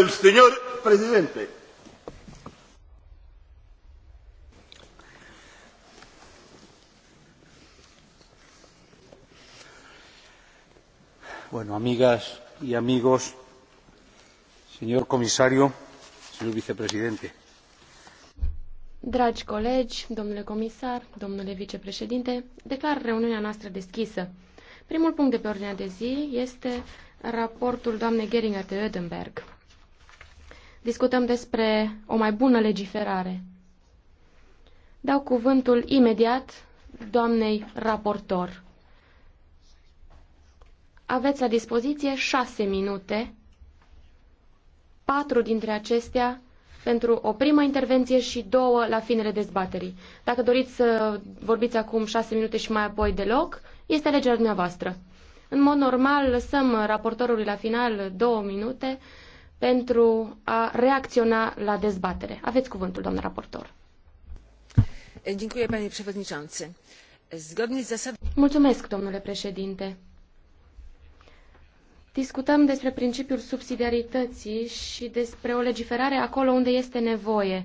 el señor presidente. Bueno, amigas y amigos, señor comisario, señor vicepresidente. Dragi colegi, domnule comisar, domnule vicepreședinte, declar reuniunea noastră deschisă. Primul punct de pe ordinea de zi este raportul doamnei Geringer de Oedenberg discutăm despre o mai bună legiferare. Dau cuvântul imediat doamnei raportor. Aveți la dispoziție șase minute, patru dintre acestea pentru o primă intervenție și două la finele dezbaterii. Dacă doriți să vorbiți acum șase minute și mai apoi deloc, este alegerea dumneavoastră. În mod normal, lăsăm raportorului la final două minute pentru a reacționa la dezbatere. Aveți cuvântul, doamnă raportor. Mulțumesc, domnule președinte. Discutăm despre principiul subsidiarității și despre o legiferare acolo unde este nevoie.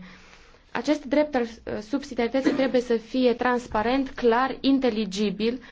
Acest drept al ă, subsidiarității trebuie să fie transparent, clar, inteligibil.